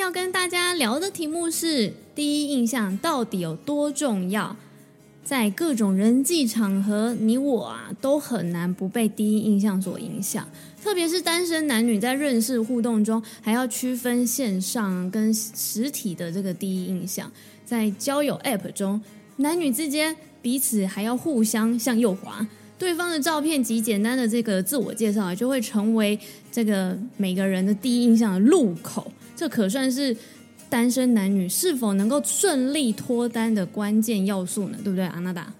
要跟大家聊的題目是：第一印象到底有多重要？在各種人際場合，你我啊都很難不被第一印象所影響。特別是單身男女在認識互動中，還要區分線上跟實體的這個第一印象。在交友 App 中，男女之間彼此還要互相向右滑對方的照片及簡單的這個自我介紹，就會成為這個每個人的第一印象的入口。這可算是單身男女是否能夠順利脫單的關鍵要素呢？對不對，阿納達？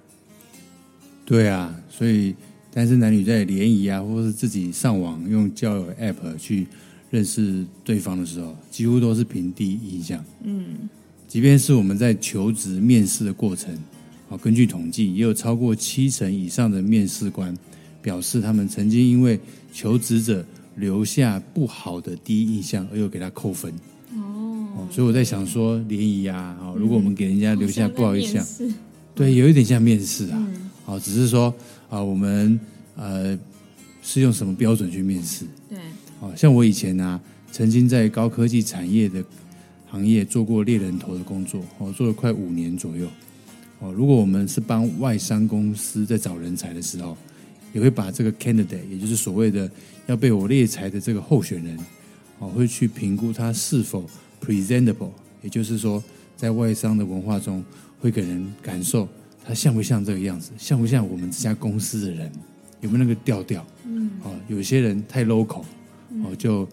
對啊，所以單身男女在聯誼啊，或是自己上網用交友 App 去認識對方的時候，幾乎都是憑第一印象。嗯，即便是我們在求職面試的過程，啊，根據統計，也有超過七成以上的面試官表示，他們曾經因為求職者留下不好的第一印象，而又給他扣分哦，所以我在想說，聯誼啊，如果我們給人家留下不好印象，對，有一點像面試啊，哦，只是說啊，我們呃是用什麼標準去面試？對，哦，像我以前啊，曾經在高科技產業的行業做過獵人頭的工作，哦，做了快五年左右，哦，如果我們是幫外商公司在找人才的時候。也會把這個 candidate，也就是所謂的要被我獵才的這個候選人，哦，會去評估他是否 presentable，也就是說，在外商的文化中會給人感受他像不像這個樣子，像不像我們這家公司的人，嗯，有沒有那個調調？嗯，哦，有些人太 local，嗯，哦，就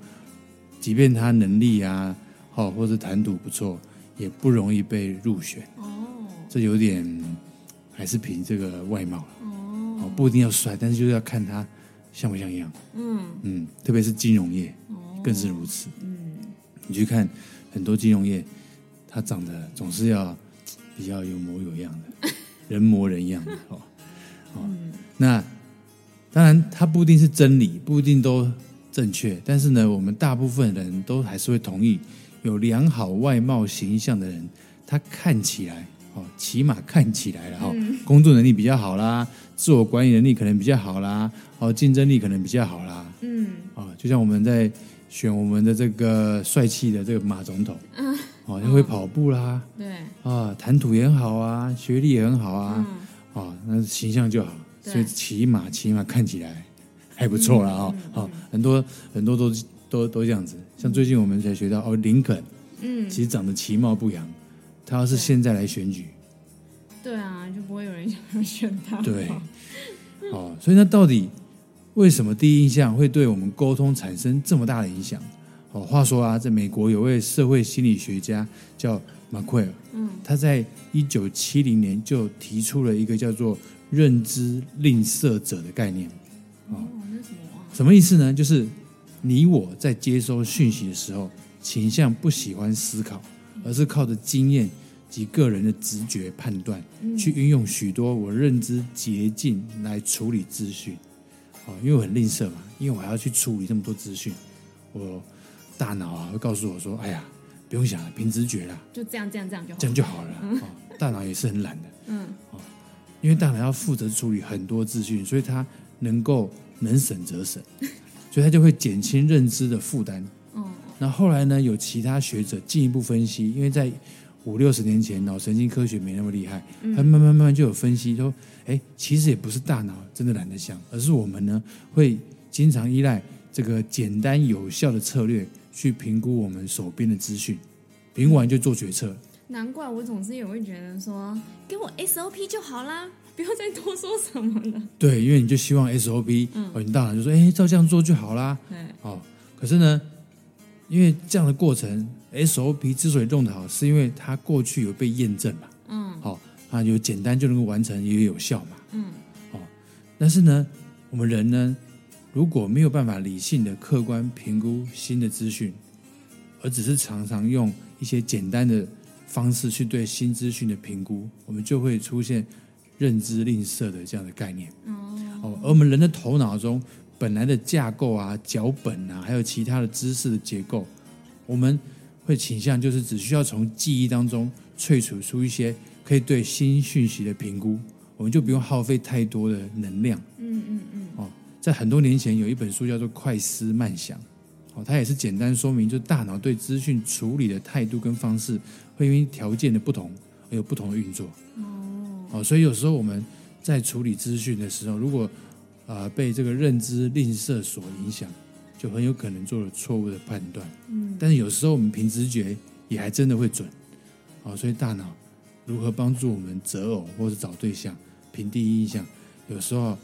即便他能力啊，哦，或者談吐不錯，也不容易被入選。哦，這有點還是憑這個外貌。哦，不一定要帥，但是就是要看他像不像樣。嗯嗯，特別是金融業，哦、更是如此。嗯，你去看很多金融業，他長得總是要比較有模有樣的， 人模人樣的。哦、嗯、哦，那當然，它不一定是真理，不一定都正確，但是呢，我們大部分人都還是會同意，有良好外貌形象的人，他看起來。哦，起碼看起來了哈，嗯、工作能力比較好啦，自我管理能力可能比較好啦，哦、喔，競爭力可能比較好啦，嗯，啊、喔，就像我們在選我們的這個帥氣的這個馬總統，哦、啊，他、喔、會跑步啦，對，啊、喔，談吐也很好啊，學歷也很好啊，哦、嗯喔，那形象就好，對所以起碼起碼看起來還不錯了哈，哦、嗯喔，很多很多都都都這樣子，像最近我們才學到哦、喔，林肯，嗯，其實長得其貌不揚。他要是現在來選舉，對啊，就不會有人想要選他。對，哦，所以那到底為什麼第一印象會對我們溝通產生這麼大的影響？哦，話說啊，在美國有位社會心理學家叫馬奎爾，嗯，他在一九七零年就提出了一個叫做“認知吝嗇者”的概念。哦，那什麼？什麼意思呢？就是你我在接收訊息的時候，傾向不喜歡思考。而是靠着經驗及個人的直覺判斷，嗯、去運用許多我認知捷徑來處理資訊，哦。因為我很吝嗇嘛，因為我還要去處理這麼多資訊，我大腦啊會告訴我說：“哎呀，不用想了，憑直覺啦。”就這樣，這樣，這樣就好了。這樣就好了，嗯哦。大腦也是很懶的。嗯、哦。因為大腦要負責處理很多資訊，所以它能夠能省則省，所以它就會減輕認知的負擔。嗯嗯那後，後來呢？有其他學者進一步分析，因為在五六十年前，腦神經科學沒那麼厲害，嗯、他慢慢慢就有分析說：哎，其實也不是大腦真的懶得想，而是我們呢會經常依賴這個簡單有效的策略去評估我們手邊的資訊，評估完就做決策。難怪我總是也會覺得說，給我 SOP 就好啦，不要再多說什麼了。對，因為你就希望 SOP，嗯，你大腦就說：哎，照這樣做就好啦。嗯對，哦，可是呢？因為這樣的過程，SOP 之所以用得好，是因為它過去有被驗證嘛。嗯。好、哦，啊，它有簡單就能夠完成，也有效嘛。嗯。哦，但是呢，我們人呢，如果沒有辦法理性的客觀評估新的資訊，而只是常常用一些簡單的方式去對新資訊的評估，我們就會出現認知吝嗇的這樣的概念。哦、嗯。哦，而我們人的頭腦中。本來的架構啊、腳本啊，還有其他的知識的結構，我們會傾向就是只需要從記憶當中萃取出一些可以對新訊息的評估，我們就不用耗費太多的能量。嗯嗯嗯。哦，在很多年前有一本書叫做《快思慢想》，哦，它也是簡單說明就大腦對資訊處理的態度跟方式會因為條件的不同而有不同的運作。哦，所以有時候我們在處理資訊的時候，如果啊、呃，被這個認知吝嗇所影響，就很有可能做了錯誤的判斷。嗯，但是有時候我們憑直覺也還真的會準。好、哦，所以大腦如何幫助我們擇偶或者找對象，憑第一印象，有時候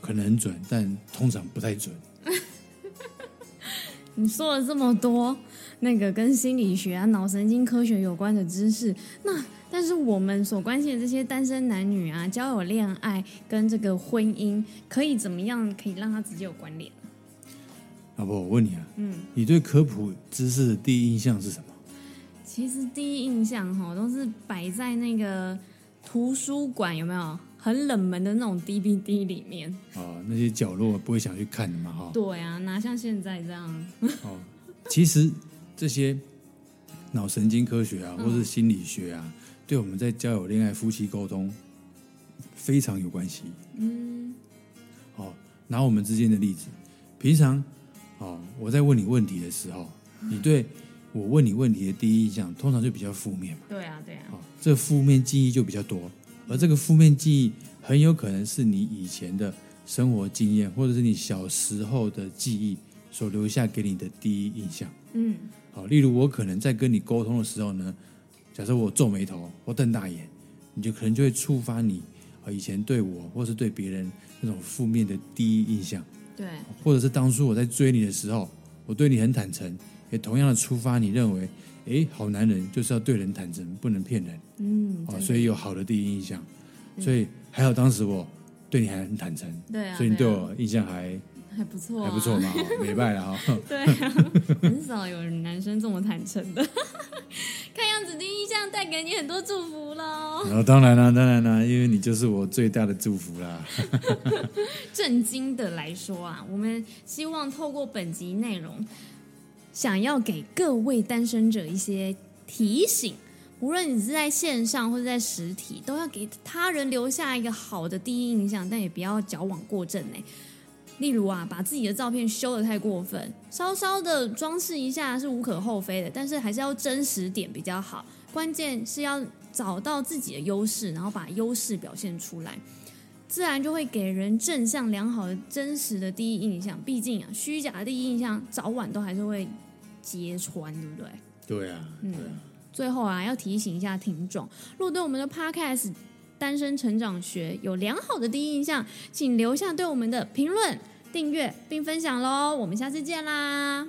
可能很準，但通常不太準。你說了這麼多，那個跟心理學啊、腦神經科學有關的知識，那但是我們所關心的這些單身男女啊、交友戀愛跟這個婚姻，可以怎麼樣可以讓他直接有關聯？老婆，我問你啊，嗯，你對科普知識的第一印象是什麼？其實第一印象哈，都是擺在那個圖書館有沒有？很冷門的那種 DVD 裡面啊、哦，那些角落不會想去看的嘛，哈。 對啊，哪像現在這樣。 哦，其實這些腦神經科學啊，或是心理學啊，嗯、對我們在交友、戀愛、夫妻溝通非常有關係。嗯。哦，拿我們之間的例子，平常哦，我在問你問題的時候，你對我問你問題的第一印象， 通常就比較負面嘛。對啊，對啊，對啊。哦，這個負面記憶就比較多。而這個負面記憶很有可能是你以前的生活經驗，或者是你小時候的記憶所留下給你的第一印象。嗯，好，例如我可能在跟你溝通的時候呢，假設我皺眉頭，我瞪大眼，你就可能就會觸發你以前對我或是對別人那種負面的第一印象。對，或者是當初我在追你的時候，我對你很坦誠，也同樣的觸發你認為。哎，好男人就是要對人坦誠，不能騙人。嗯、哦，所以有好的第一印象，嗯、所以還好當時我對你還很坦誠，對啊、所以你對我印象還、啊、還不錯、啊，還不錯嘛，美敗了哈。 哦、對啊，很少有男生這麼坦誠的， 看樣子第一印象帶給你很多祝福嘍、哦。當然啦、啊，當然啦、啊，因為你就是我最大的祝福啦。正 經的來說啊，我們希望透過本集內容。想要給各位單身者一些提醒，無論你是在線上或者在實體，都要給他人留下一個好的第一印象，但也不要矯枉過正，例如啊，把自己的照片修得太過分，稍稍的裝飾一下是無可厚非的，但是還是要真實點比較好。關鍵是要找到自己的優勢，然後把優勢表現出來，自然就會給人正向、良好的、真實的第一印象。畢竟啊，虛假的第一印象早晚都還是會，揭穿，對不對？對啊，對啊、嗯。最後啊，要提醒一下聽眾，若對我們的 Podcast《單身成長學》有良好的第一印象，請留下對我們的評論、訂閱並分享嘍。我們下次見啦，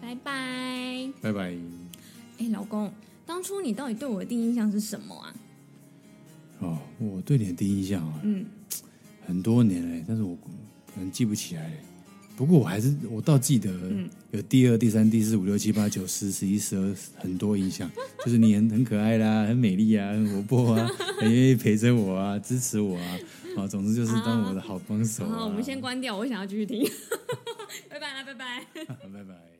拜拜，拜拜。哎，老公，當初你到底對我的第一印象是什麼啊？哦，我對你的第一印象啊，嗯，很多年了，但是我可能記不起來不過我還是，我倒記得，嗯，有第二、第三、第四、五六、七八、九十、十一、十二，很多印象，就是你很 很可愛啦，很美麗啊，很活潑啊，很願意陪着我啊，支持我啊，啊，總之就是當我的好幫手，啊。好，好，我們先關掉，我想要繼續聽。 拜拜啦，啊，拜拜，拜拜。